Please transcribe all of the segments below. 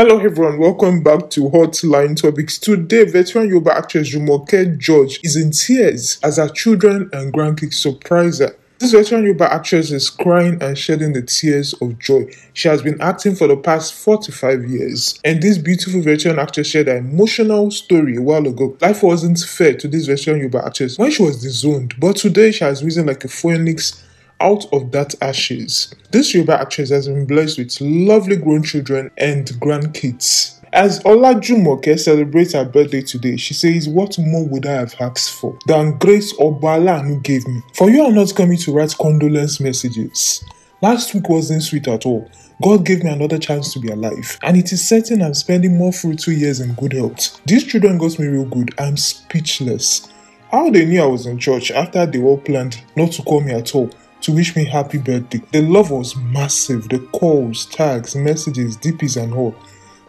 Hello everyone, welcome back to Hotline Topics. Today, veteran Yuba actress Jumoke George is in tears as her children and grandkids surprise her. This veteran Yuba actress is crying and shedding the tears of joy. She has been acting for the past 45 years, and this beautiful veteran actress shared an emotional story a while ago. Life wasn't fair to this veteran Yuba actress when she was disowned, but today she has risen like a phoenix out of that ashes. This Yoruba actress has been blessed with lovely grown children and grandkids. As Olajumoke celebrates her birthday today, she says, What more would I have asked for than grace who gave me? For you are not coming to write condolence messages. Last week wasn't sweet at all. God gave me another chance to be alive, and it is certain I'm spending more fruitful years in good health. These children got me real good. I'm speechless. How they knew I was in church after they all planned not to call me at all to wish me happy birthday. The love was massive, the calls, tags, messages, DPs, and all.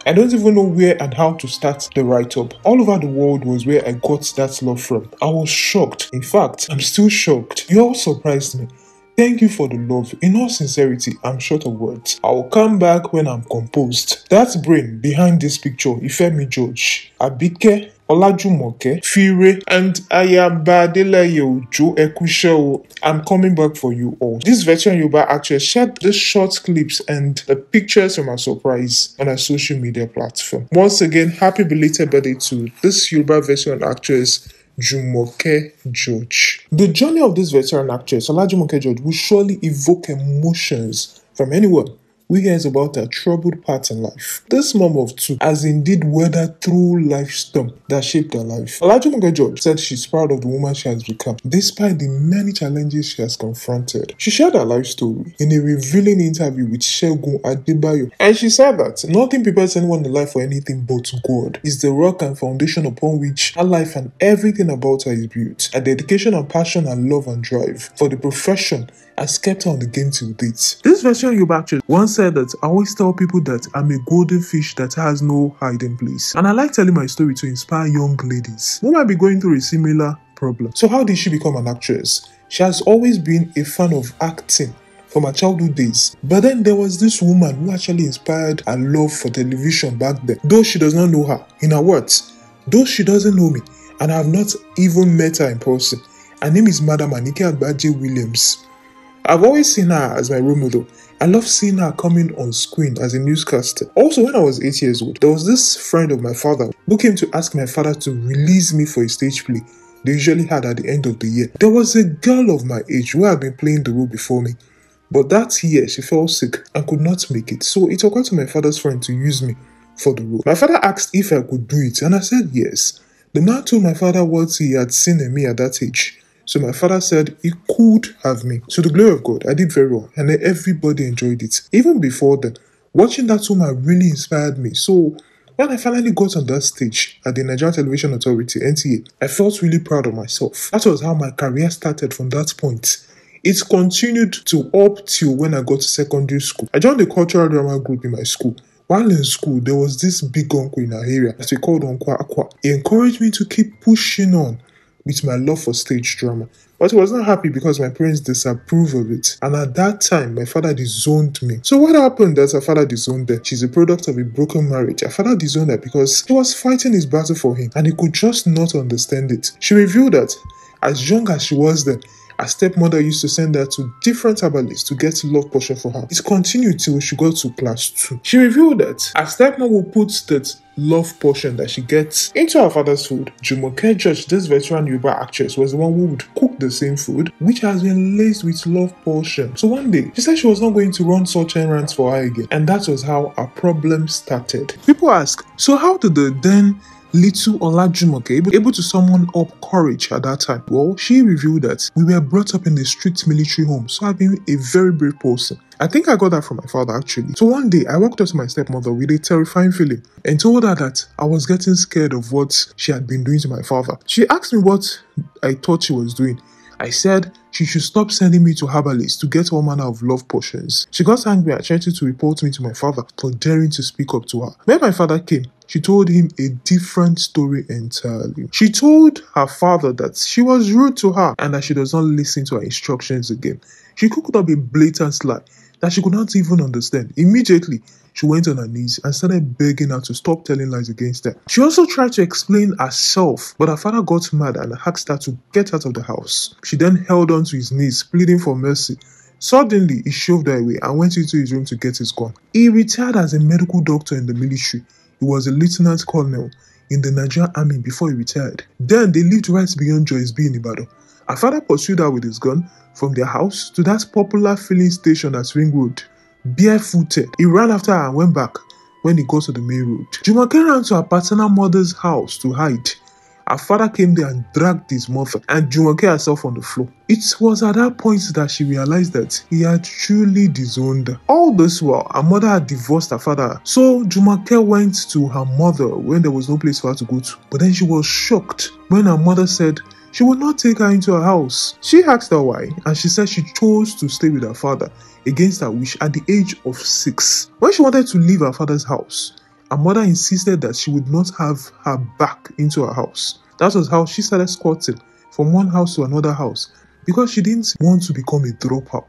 I don't even know where and how to start the write up. All over the world was where I got that love from. I was shocked. In fact, I'm still shocked. You all surprised me. Thank you for the love. In all sincerity, I'm short of words. I'll come back when I'm composed. That brain behind this picture, Ifemi George, Abike Olajumoke, Fire, and Ayabadele Adeleye Ekusheo. I'm coming back for you all. This veteran Yuba actress shared the short clips and the pictures from her surprise on a social media platform. Once again, happy belated birthday to this Yuba veteran actress. Jumoke George. The journey of this veteran actress, Olajumoke George, will surely evoke emotions from anyone we hears about her troubled past in life. This mom of two has indeed weathered through life storm that shaped her life. Olajumoke George said she's proud of the woman she has become, despite the many challenges she has confronted. She shared her life story in a revealing interview with Shegun Adibayo, and she said that nothing prepares anyone in life for anything but God is the rock and foundation upon which her life and everything about her is built. Her dedication and passion and love and drive for the profession has kept her on the game till date. This version you actually once said that I always tell people that I'm a golden fish that has no hiding place. And I like telling my story to inspire young ladies who might be going through a similar problem. So, how did she become an actress? She has always been a fan of acting from her childhood days. But then there was this woman who actually inspired her love for television back then. Though she does not know her, in her words, though she doesn't know me, and I have not even met her in person. Her name is Madam Anike Adbaje Williams. I've always seen her as my role model. I love seeing her coming on screen as a newscaster. Also, when I was 8 years old, there was this friend of my father who came to ask my father to release me for a stage play they usually had at the end of the year. There was a girl of my age who had been playing the role before me, but that year she fell sick and could not make it, so it occurred to my father's friend to use me for the role. My father asked if I could do it, and I said yes. The man told my father what he had seen in me at that age. So my father said he could have me. So the glory of God, I did very well, and everybody enjoyed it. Even before then, watching that woman really inspired me. So when I finally got on that stage at the Nigerian Television Authority (NTA), I felt really proud of myself. That was how my career started from that point. It continued to up till when I got to secondary school. I joined the cultural drama group in my school. While in school, there was this big uncle in our area that we called Uncle Aqua. He encouraged me to keep pushing on with my love for stage drama. But I was not happy because my parents disapproved of it. And at that time, my father disowned me. So what happened that her father disowned her? She's a product of a broken marriage. Her father disowned her because he was fighting his battle for him and he could just not understand it. She revealed that as young as she was then, her stepmother used to send her to different herbalists to get love potion for her. It continued till she got to class 2. She revealed that her stepmother would put that love potion that she gets into her father's food. Jumoke Judge, this veteran Yuba actress, was the one who would cook the same food, which has been laced with love potion. So one day, she said she was not going to run such errands for her again, and that was how our problem started. People ask, so how did the then Little Olajumoke able, able to summon up courage at that time? Well, she revealed that we were brought up in a strict military home, so I've been a very brave person. I think I got that from my father actually. So one day I walked up to my stepmother with a terrifying feeling and told her that I was getting scared of what she had been doing to my father. She asked me what I thought she was doing I said she should stop sending me to herbalists to get all manner of love potions. She got angry and threatened to report me to my father for daring to speak up to her. When my father came, she told him a different story entirely. She told her father that she was rude to her and that she does not listen to her instructions again. She could not be blatant lie that she could not even understand. Immediately, she went on her knees and started begging her to stop telling lies against her. She also tried to explain herself, but her father got mad and asked her to get out of the house. She then held on to his knees, pleading for mercy. Suddenly, he shoved her away and went into his room to get his gun. He retired as a medical doctor in the military. He was a lieutenant colonel in the Nigerian army before he retired. Then they lived right beyond Joyce B in Ibadan. Her father pursued her with his gun from their house to that popular filling station at Ringwood. Barefooted, he ran after her and went back when he got to the main road. Jumoke ran to her paternal mother's house to hide. Her father came there and dragged his mother and Jumoke herself on the floor. It was at that point that she realized that he had truly disowned her. All this while, her mother had divorced her father, so Jumoke went to her mother when there was no place for her to go to. But then she was shocked when her mother said she would not take her into her house. She asked her why, and she said she chose to stay with her father against her wish at the age of six. When she wanted to leave her father's house, her mother insisted that she would not have her back into her house. That was how she started squatting from one house to another house because she didn't want to become a dropout.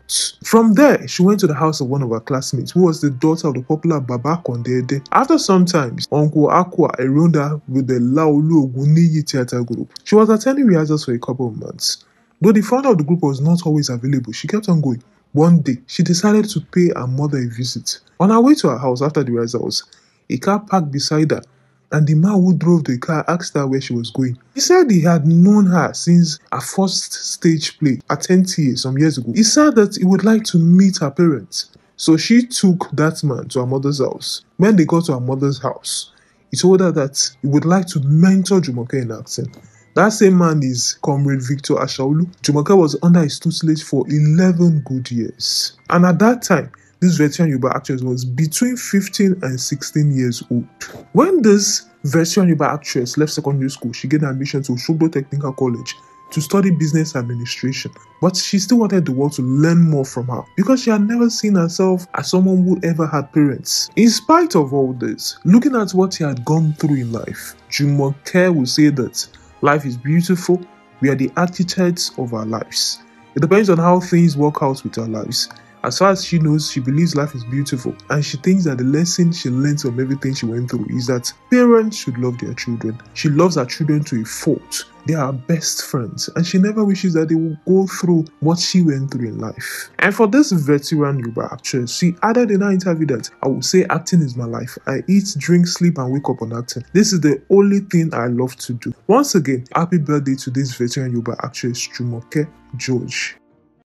From there, she went to the house of one of her classmates, who was the daughter of the popular Baba Kondede. After some time, Uncle Aqua enrolled her with the Laolu Oguniyi Theatre Group. She was attending rehearsals for a couple of months. Though the founder of the group was not always available, she kept on going. One day, she decided to pay her mother a visit. On her way to her house after the rehearsals, a car parked beside her and the man who drove the car asked her where she was going. He said he had known her since her first stage play at NTA some years ago. He said that he would like to meet her parents. So she took that man to her mother's house. When they got to her mother's house, he told her that he would like to mentor Jumoke in acting. That same man is Comrade Victor Ashaulu. Jumoke was under his tutelage for 11 good years. And at that time, this Vertian Yuba actress was between 15 and 16 years old. When this Vertian Yuba actress left secondary school, she gained admission to Shobo Technical College to study business administration, but she still wanted the world to learn more from her because she had never seen herself as someone who ever had parents. In spite of all this, looking at what she had gone through in life, Jumoke will say that life is beautiful, we are the architects of our lives. It depends on how things work out with our lives. As far as she knows, she believes life is beautiful and she thinks that the lesson she learned from everything she went through is that parents should love their children. She loves her children to a fault. They are best friends and she never wishes that they will go through what she went through in life. And for this veteran Yuba actress, she added in her interview that I would say acting is my life. I eat, drink, sleep, and wake up on acting. This is the only thing I love to do. Once again, happy birthday to this veteran Yuba actress, Jumoke George.